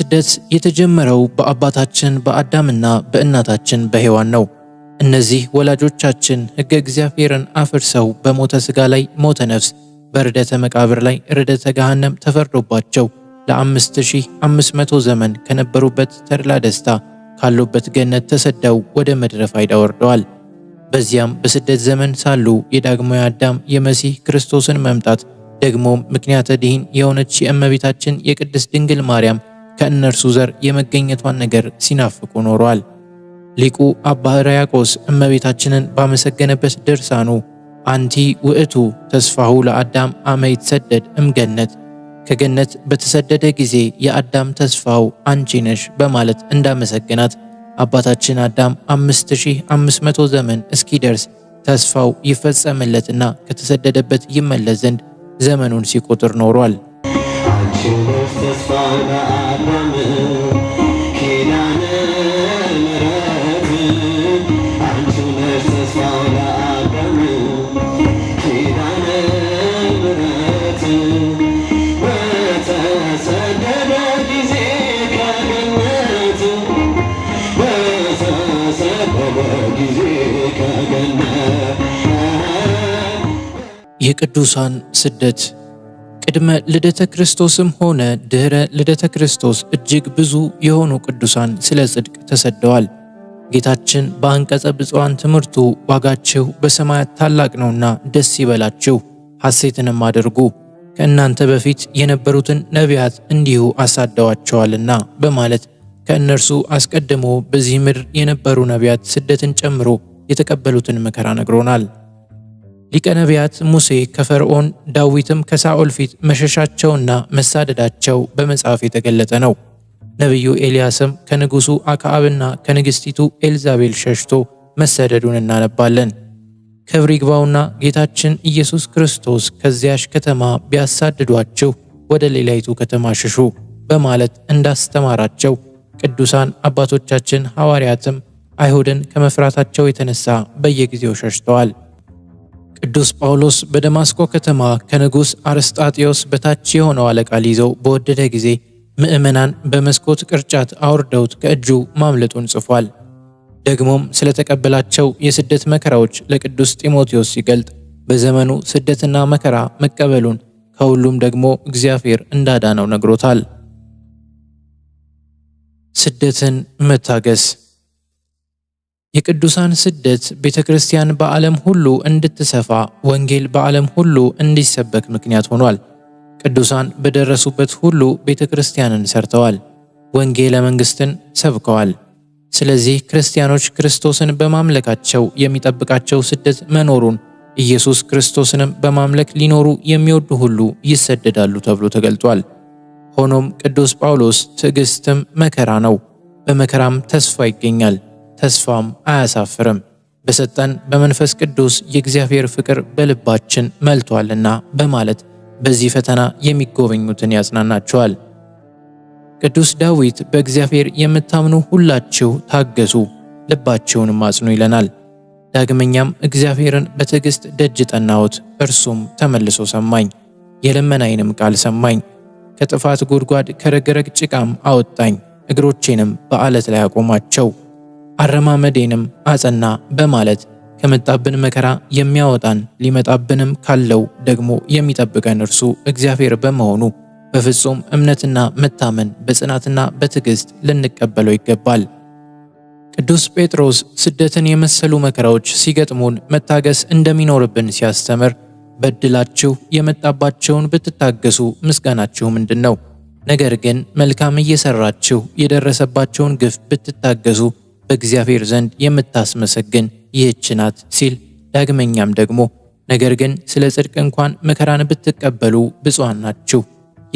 ስደት የተጀመረው በአባታችን በአዳምና በእናታችን በሔዋን ነው። እነዚህ ወላጆቻችን ሕገ እግዚአብሔርን አፍርሰው በሞተ ሥጋ ላይ ሞተ ነፍስ፣ በርደተ መቃብር ላይ ርደተ ገሃነም ተፈርዶባቸው ለ5500 ዘመን ከነበሩበት ተድላ ደስታ ካሉበት ገነት ተሰደው ወደ ምድረ ፋይዳ ወርደዋል። በዚያም በስደት ዘመን ሳሉ የዳግማዊ አዳም የመሲህ ክርስቶስን መምጣት ደግሞም ምክንያተ ድኅን የሆነች የእመቤታችን የቅድስት ድንግል ማርያም ከእነርሱ ዘር የመገኘቷን ነገር ሲናፍቁ ኖሯል። ሊቁ አባ ሕርያቆስ እመቤታችንን ባመሰገነበት ድርሳኑ አንቲ ውእቱ ተስፋሁ ለአዳም አመ ይትሰደድ እምገነት ከገነት በተሰደደ ጊዜ የአዳም ተስፋው አንቺ ነሽ በማለት እንዳመሰገናት አባታችን አዳም 5500 ዘመን እስኪደርስ ተስፋው ይፈጸምለትና ከተሰደደበት ይመለስ ዘንድ ዘመኑን ሲቆጥር ኖሯል። ሽንጎስ ተስፋ ኪዳነ ምሕረት አንቺ ነሽ ተስፋ ኪዳነ ምሕረት በተሰደደ ጊዜ ከገነት በተሰደደ ጊዜ ከገነት የቅዱሳን ስደት ቅድመ ልደተ ክርስቶስም ሆነ ድኅረ ልደተ ክርስቶስ እጅግ ብዙ የሆኑ ቅዱሳን ስለ ጽድቅ ተሰደዋል። ጌታችን በአንቀጸ ብፁዓን ትምህርቱ ዋጋችሁ በሰማያት ታላቅ ነውና ደስ ይበላችሁ፣ ሐሴትንም አድርጉ ከእናንተ በፊት የነበሩትን ነቢያት እንዲሁ አሳደዋቸዋልና በማለት ከእነርሱ አስቀድሞ በዚህ ምድር የነበሩ ነቢያት ስደትን ጨምሮ የተቀበሉትን መከራ ነግሮናል። ሊቀ ነቢያት ሙሴ ከፈርዖን ዳዊትም ከሳኦል ፊት መሸሻቸውና መሳደዳቸው በመጽሐፍ የተገለጠ ነው። ነቢዩ ኤልያስም ከንጉሡ አክዓብና ከንግሥቲቱ ኤልዛቤል ሸሽቶ መሰደዱን እናነባለን። ክብር ይግባውና ጌታችን ኢየሱስ ክርስቶስ ከዚያሽ ከተማ ቢያሳድዷችሁ ወደ ሌላይቱ ከተማ ሽሹ በማለት እንዳስተማራቸው ቅዱሳን አባቶቻችን ሐዋርያትም አይሁድን ከመፍራታቸው የተነሳ በየጊዜው ሸሽተዋል። ቅዱስ ጳውሎስ በደማስቆ ከተማ ከንጉሥ አርስጣጤዎስ በታች የሆነው አለቃ ሊይዘው በወደደ ጊዜ ምዕመናን በመስኮት ቅርጫት አውርደውት ከእጁ ማምለጡን ጽፏል። ደግሞም ስለተቀበላቸው የስደት መከራዎች ለቅዱስ ጢሞቴዎስ ሲገልጥ በዘመኑ ስደትና መከራ መቀበሉን ከሁሉም ደግሞ እግዚአብሔር እንዳዳነው ነግሮታል። ስደትን መታገስ የቅዱሳን ስደት ቤተ ክርስቲያን በዓለም ሁሉ እንድትሰፋ ወንጌል በዓለም ሁሉ እንዲሰበክ ምክንያት ሆኗል። ቅዱሳን በደረሱበት ሁሉ ቤተ ክርስቲያንን ሰርተዋል፣ ወንጌለ መንግሥትን ሰብከዋል። ስለዚህ ክርስቲያኖች ክርስቶስን በማምለካቸው የሚጠብቃቸው ስደት መኖሩን ኢየሱስ ክርስቶስንም በማምለክ ሊኖሩ የሚወዱ ሁሉ ይሰደዳሉ ተብሎ ተገልጧል። ሆኖም ቅዱስ ጳውሎስ ትዕግሥትም መከራ ነው፣ በመከራም ተስፋ ይገኛል ተስፋም አያሳፍርም። በሰጠን በመንፈስ ቅዱስ የእግዚአብሔር ፍቅር በልባችን መልቷልና በማለት በዚህ ፈተና የሚጎበኙትን ያጽናናቸዋል። ቅዱስ ዳዊት በእግዚአብሔር የምታምኑ ሁላችሁ ታገሱ፣ ልባችሁንም አጽኑ ይለናል። ዳግመኛም እግዚአብሔርን በትዕግሥት ደጅ ጠናሁት፣ እርሱም ተመልሶ ሰማኝ፣ የልመናዬንም ቃል ሰማኝ። ከጥፋት ጉድጓድ ከረግረግ ጭቃም አወጣኝ፣ እግሮቼንም በዓለት ላይ አቆማቸው። አረማመዴንም አጸና በማለት ከመጣብን መከራ የሚያወጣን ሊመጣብንም ካለው ደግሞ የሚጠብቀን እርሱ እግዚአብሔር በመሆኑ በፍጹም እምነትና መታመን በጽናትና በትዕግስት ልንቀበለው ይገባል። ቅዱስ ጴጥሮስ ስደትን የመሰሉ መከራዎች ሲገጥሙን መታገስ እንደሚኖርብን ሲያስተምር በድላችሁ የመጣባቸውን ብትታገሱ ምስጋናችሁ ምንድን ነው? ነገር ግን መልካም እየሰራችሁ የደረሰባቸውን ግፍ ብትታገሱ በእግዚአብሔር ዘንድ የምታስመሰግን ይህች ናት ሲል ዳግመኛም ደግሞ ነገር ግን ስለ ጽድቅ እንኳን መከራን ብትቀበሉ ብፁዓን ናችሁ፣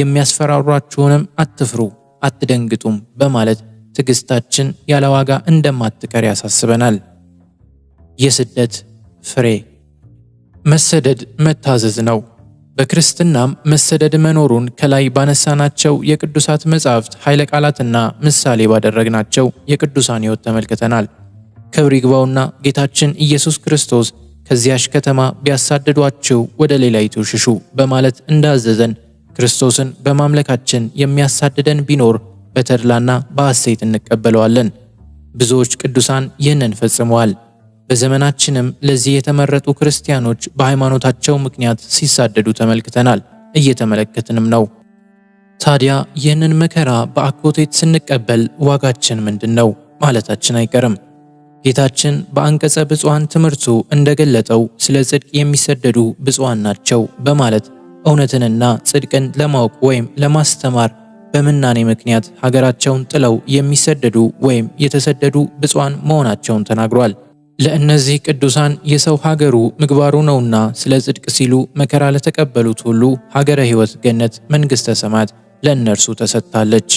የሚያስፈራሯችሁንም አትፍሩ፣ አትደንግጡም በማለት ትዕግስታችን ያለ ዋጋ እንደማትቀር ያሳስበናል። የስደት ፍሬ መሰደድ መታዘዝ ነው። በክርስትናም መሰደድ መኖሩን ከላይ ባነሳናቸው የቅዱሳት መጻሕፍት ኃይለ ቃላትና ምሳሌ ባደረግናቸው የቅዱሳን ሕይወት ተመልክተናል። ክብር ይግባውና ጌታችን ኢየሱስ ክርስቶስ ከዚያሽ ከተማ ቢያሳድዷችሁ ወደ ሌላይቱ ሽሹ በማለት እንዳዘዘን ክርስቶስን በማምለካችን የሚያሳድደን ቢኖር በተድላና በሐሴት እንቀበለዋለን። ብዙዎች ቅዱሳን ይህንን ፈጽመዋል። በዘመናችንም ለዚህ የተመረጡ ክርስቲያኖች በሃይማኖታቸው ምክንያት ሲሳደዱ ተመልክተናል፣ እየተመለከትንም ነው። ታዲያ ይህንን መከራ በአኮቴት ስንቀበል ዋጋችን ምንድን ነው ማለታችን አይቀርም። ጌታችን በአንቀጸ ብፁዓን ትምህርቱ እንደገለጠው ስለ ጽድቅ የሚሰደዱ ብፁዓን ናቸው በማለት እውነትንና ጽድቅን ለማወቅ ወይም ለማስተማር በምናኔ ምክንያት ሀገራቸውን ጥለው የሚሰደዱ ወይም የተሰደዱ ብፁዓን መሆናቸውን ተናግሯል። ለእነዚህ ቅዱሳን የሰው ሀገሩ ምግባሩ ነውና ስለ ጽድቅ ሲሉ መከራ ለተቀበሉት ሁሉ ሀገረ ሕይወት ገነት፣ መንግሥተ ሰማያት ለእነርሱ ተሰጥታለች።